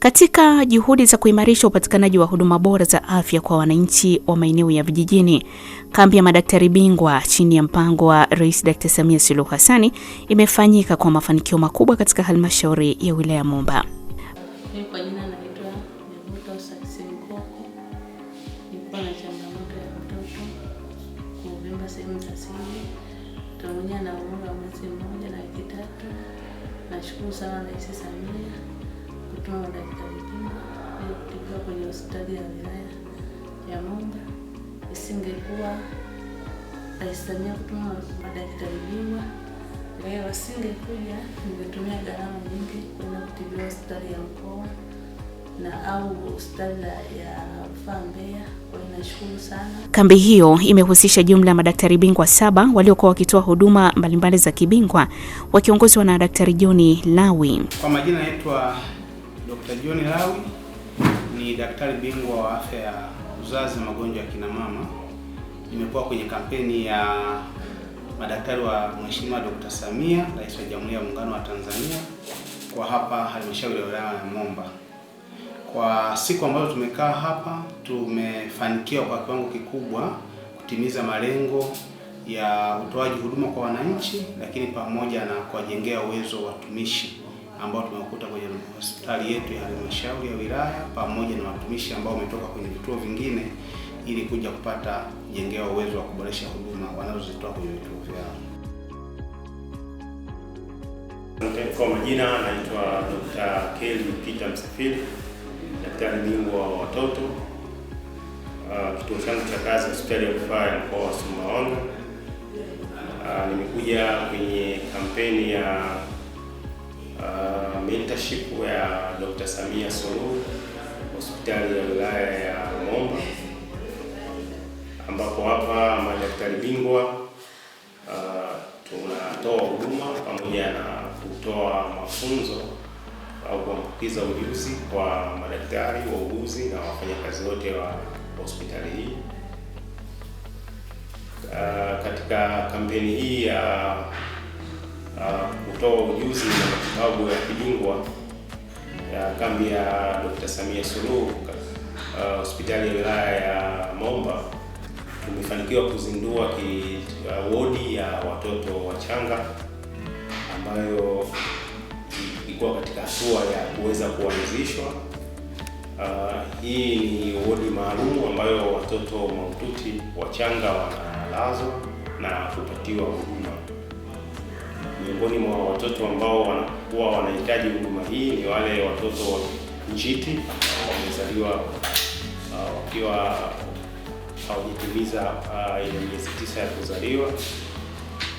Katika juhudi za kuimarisha upatikanaji wa huduma bora za afya kwa wananchi wa maeneo ya vijijini, kambi ya madaktari bingwa chini ya mpango wa Rais Dkt. Samia Suluhu Hassani imefanyika kwa mafanikio makubwa katika halmashauri ya wilaya Momba. Nashukuru sana Rais Samia kutoa dakika nyingine ili kutibiwa kwenye hospitali ya wilaya ya Momba. Isingekuwa Rais Samia kutuma madaktari bingwa leo, asingekuja ningetumia gharama nyingi kwenda kutibiwa hospitali ya mkoa na au hospitali ya rufaa Mbeya. sana. Kambi hiyo imehusisha jumla ya madaktari bingwa saba waliokuwa wakitoa huduma mbalimbali za kibingwa wakiongozwa na Daktari John Lawi. Kwa majina naitwa Dr. John Lawi ni daktari bingwa wa afya ya uzazi na magonjwa ya kina mama. Nimekuwa kwenye kampeni ya madaktari wa Mheshimiwa Dr. Samia, Rais wa Jamhuri ya Muungano wa Tanzania, kwa hapa halmashauri ya wilaya ya Momba. Kwa siku ambazo tumekaa hapa, tumefanikiwa kwa kiwango kikubwa kutimiza malengo ya utoaji huduma kwa wananchi, lakini pamoja na kuwajengea uwezo watumishi ambao tumewakuta kwenye hospitali yetu ya halmashauri ya wilaya pamoja na watumishi ambao wametoka kwenye vituo vingine ili kuja kupata jengewa uwezo wa kuboresha huduma wanazozitoa kwenye vituo vyao. Kwa majina anaitwa Dr. Kelly Peter Msafiri, daktari bingwa wa watoto ah, kituo changu cha kazi hospitali ya rufaa ya mkoa wa Sumbawanga. Ah, nimekuja kwenye kampeni ya Uh, mentorship ya Dr. Samia Suluhu hospitali ya wilaya ya Momba, ambapo hapa madaktari bingwa uh, tunatoa huduma pamoja na kutoa mafunzo au kuambukiza ujuzi kwa madaktari, wauguzi na wafanyakazi wote wa hospitali hii. Uh, katika kampeni hii ya uh, Uh, kutoa ujuzi na matibabu ya kibingwa ya kambi ya Dr. Samia Suluhu uh, hospitali ya wilaya ya Momba tumefanikiwa kuzindua ki, uh, wodi ya watoto wachanga ambayo ilikuwa katika hatua ya kuweza kuanzishwa. Uh, hii ni wodi maalum ambayo watoto mahututi wachanga wanalazwa na kupatiwa huduma miongoni mwa watoto ambao wanakuwa wanahitaji huduma hii ni wale watoto wa njiti wamezaliwa uh, wakiwa hawajitimiza uh, ah, ile miezi tisa ya kuzaliwa,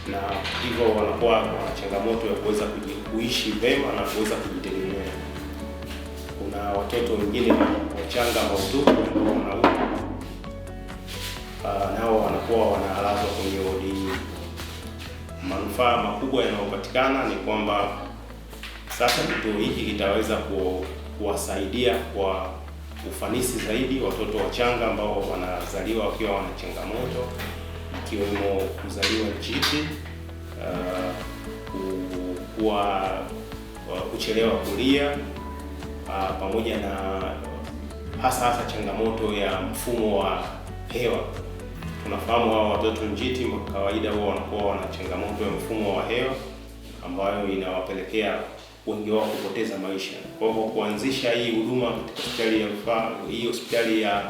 na hivyo wanakuwa na changamoto ya kuweza kuishi vema na kuweza kujitegemea. Kuna watoto wengine wachanga mahutubu ambao ah, nao wanakuwa wanalazwa kwenye wodi hii manufaa makubwa yanayopatikana ni kwamba sasa kituo hiki kitaweza ku, kuwasaidia kwa ufanisi zaidi watoto wachanga ambao wanazaliwa wakiwa wana changamoto ikiwemo kuzaliwa njiti, uh, kuwa uh, kuchelewa kulia uh, pamoja na hasa hasa changamoto ya mfumo wa hewa. Tunafahamu hawa watoto njiti kawaida huwa wanakuwa wana changamoto ya mfumo wa hewa ambayo inawapelekea wengi wao kupoteza maisha. Kwa hivyo kuanzisha hii huduma katika hospitali ya rufaa hii hospitali ya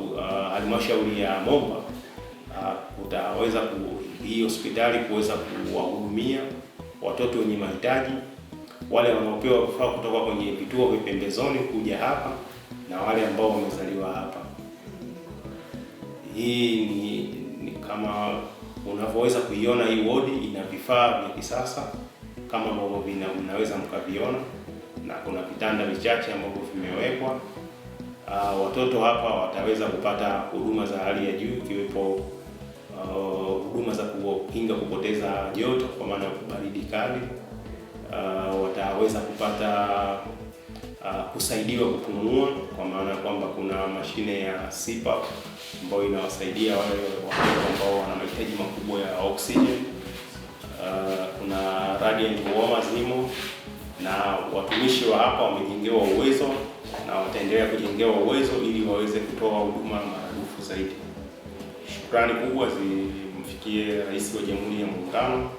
uh, halmashauri ya Momba uh, kutaweza hii hospitali kuweza kuwahudumia watoto wenye mahitaji, wale wanaopewa rufaa kutoka kwenye vituo vya pembezoni kuja hapa na wale ambao wamezaliwa hapa hii ni, ni kama unavyoweza kuiona hii wodi ina vifaa vya kisasa kama ambavyo vina mnaweza mkaviona, na kuna vitanda vichache ambavyo vimewekwa. Uh, watoto hapa wataweza kupata huduma za hali ya juu ikiwepo ah, huduma uh, za kukinga kupoteza joto kwa maana ya baridi kali. Uh, wataweza kupata uh, kusaidiwa kupumua, kwa maana ya kwamba kuna mashine ya CPAP ambayo inawasaidia wale wagonjwa ambao wana mahitaji makubwa ya oxygen. Uh, kuna radiant warmers zimo na watumishi wa hapa wamejengewa uwezo na wataendelea kujengewa uwezo ili waweze kutoa huduma maarufu zaidi. Shukrani kubwa zimfikie Rais wa Jamhuri ya Muungano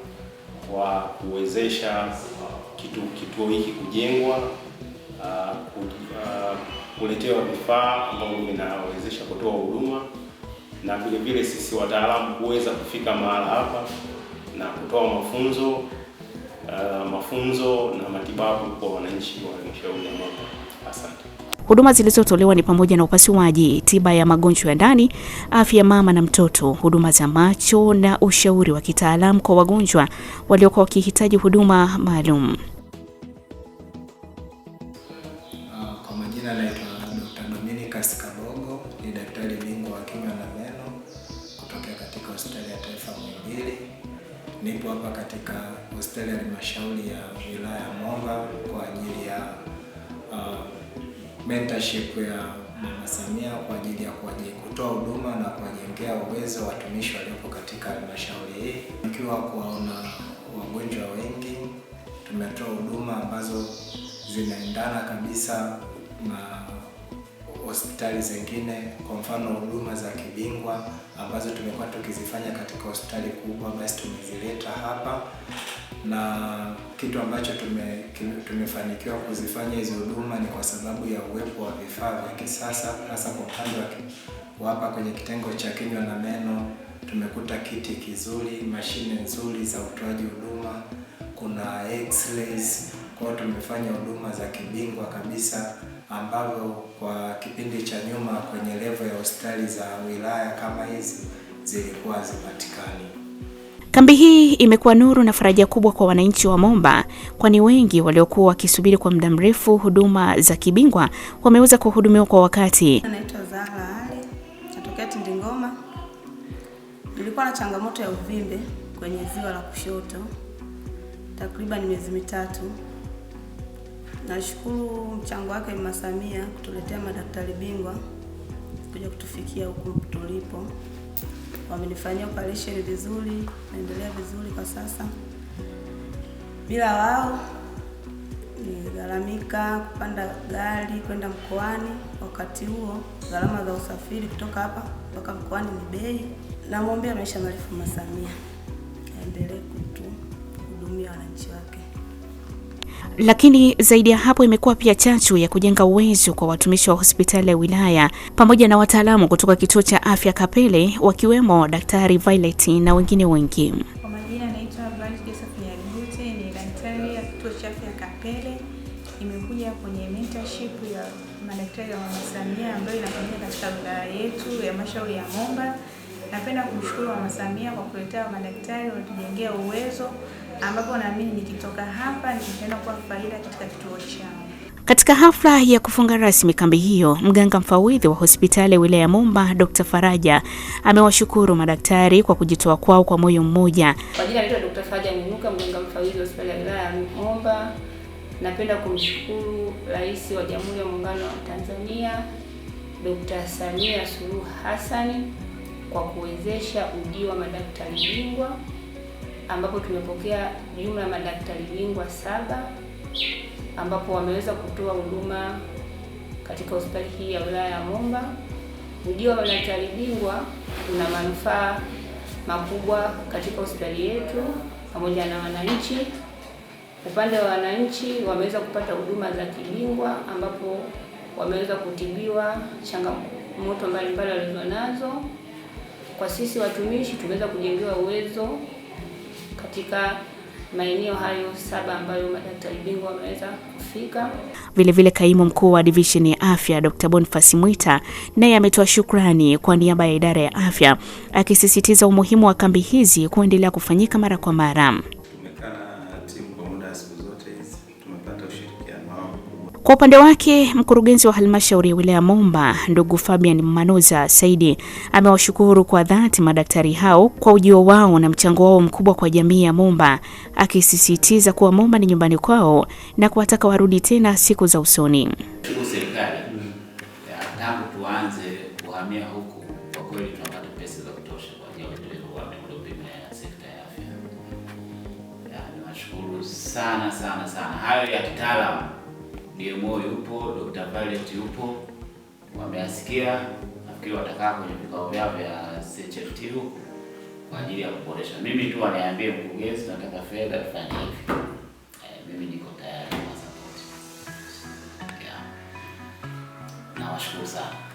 kwa kuwezesha uh, kitu kituo hiki kujengwa. Uh, uh, kuletewa vifaa ambavyo vinawezesha kutoa huduma na vile vile sisi wataalamu kuweza kufika mahala hapa na kutoa mafunzo uh, mafunzo na matibabu kwa wananchi wa halmashauri ya Momba. Asante. Huduma zilizotolewa ni pamoja na upasuaji, tiba ya magonjwa ya ndani, afya mama na mtoto, huduma za macho na ushauri wa kitaalamu kwa wagonjwa waliokuwa wakihitaji huduma maalum. mbili. Nipo hapa katika hospitali ya halmashauri ya wilaya ya Momba kwa ajili ya uh, mentorship ya Mama Samia kwa ajili ya kutoa huduma na kuwajengea uwezo watumishi waliopo katika halmashauri hii. Ikiwa kuwaona wagonjwa wengi, tumetoa huduma ambazo zinaendana kabisa na hospitali zingine, kwa mfano huduma za kibingwa ambazo tumekuwa tukizifanya katika hospitali kubwa, basi tumezileta hapa, na kitu ambacho tume, tumefanikiwa kuzifanya hizo huduma ni kwa sababu ya uwepo wa vifaa vya kisasa, hasa kwa upande wa hapa kwenye kitengo cha kinywa na meno tumekuta kiti kizuri, mashine nzuri za utoaji huduma, kuna x-rays kwao. Tumefanya huduma za kibingwa kabisa ambavyo kwa kipindi cha nyuma kwenye levo ya hospitali za wilaya kama hizi zilikuwa zipatikani. Kambi hii imekuwa nuru na faraja kubwa kwa wananchi wa Momba, kwani wengi waliokuwa wakisubiri kwa muda mrefu huduma za kibingwa wameweza kuhudumiwa kwa wakati. Anaitwa Zahra Ali, natokea Tindingoma. Nilikuwa na changamoto ya uvimbe kwenye ziwa la kushoto takriban miezi mitatu Nashukuru mchango wake Mama Samia kutuletea madaktari bingwa kuja kutufikia huku tulipo. Wamenifanyia operation vizuri, naendelea vizuri kwa sasa. Bila wao niligharamika kupanda gari kwenda mkoani. Wakati huo gharama za usafiri kutoka hapa mpaka mkoani ni bei. Namwombea maisha marefu Mama Samia, aendelee kutuhudumia wananchi wake. Lakini zaidi ya hapo, imekuwa pia chachu ya kujenga uwezo kwa watumishi wa hospitali ya wilaya pamoja na wataalamu kutoka kituo cha afya Kapele, wakiwemo Daktari Violet na wengine wengi. majina ni daktari ya kituo cha afya Kapele. kwenye ya madaktari ambayo katika yetu ya Mashauri ya Momba. Napenda kumshukuru Mama Samia kwa kuletea madaktari, watujengea uwezo ambapo naamini nikitoka hapa nitaenda kuwa faida katika kituo chao Katika hafla ya kufunga rasmi kambi hiyo, mganga mfawidhi wa hospitali ya wilaya ya Momba Dr. Faraja amewashukuru madaktari kwa kujitoa kwao kwa moyo mmoja. Kwa jina la Dr. Faraja Mwinuka, mganga mfawidhi wa hospitali ya wilaya ya Momba. Napenda kumshukuru Rais wa Jamhuri ya Muungano wa Tanzania Dr. Samia Suluhu Hassan kwa kuwezesha ujio wa madaktari bingwa ambapo tumepokea jumla ya madaktari bingwa saba ambapo wameweza kutoa huduma katika hospitali hii ya wilaya ya Momba. Ujio wa madaktari bingwa una manufaa makubwa katika hospitali yetu pamoja na wananchi. Upande wa wananchi, wameweza kupata huduma za kibingwa ambapo wameweza kutibiwa changamoto mbalimbali walizonazo. Kwa sisi watumishi, tumeweza kujengewa uwezo katika maeneo hayo saba ambayo madaktari bingwa wameweza kufika. Vilevile, kaimu mkuu wa divisheni ya afya Dr. Boniface Mwita naye ametoa shukrani kwa niaba ya idara ya afya akisisitiza umuhimu wa kambi hizi kuendelea kufanyika mara kwa mara. Kwa upande wake mkurugenzi wa halmashauri ya wilaya Momba ndugu Fabian manoza Saidi amewashukuru kwa dhati madaktari hao kwa ujio wao na mchango wao mkubwa kwa jamii ya Momba, akisisitiza kuwa Momba ni nyumbani kwao na kuwataka warudi tena siku za usoni. Shukuru serikali tangu tuanze kuhamia huku, kwa kweli tunapata pesa za kutosha kwa ajili ya miundombinu ya sekta ya afya. Nashukuru sana sana sana, hayo ya kitaalamu DMO yupo, Dr. Violet yupo, wameasikia. Nafikiri watakaa kwenye vikao vyao vya CHFT huko kwa ajili ya kuboresha. Mimi tu waniambie, mkurugenzi, nataka fedha tufanye hivi. Eh, mimi niko tayari kwa support. Yeah. Nawashukuru sana.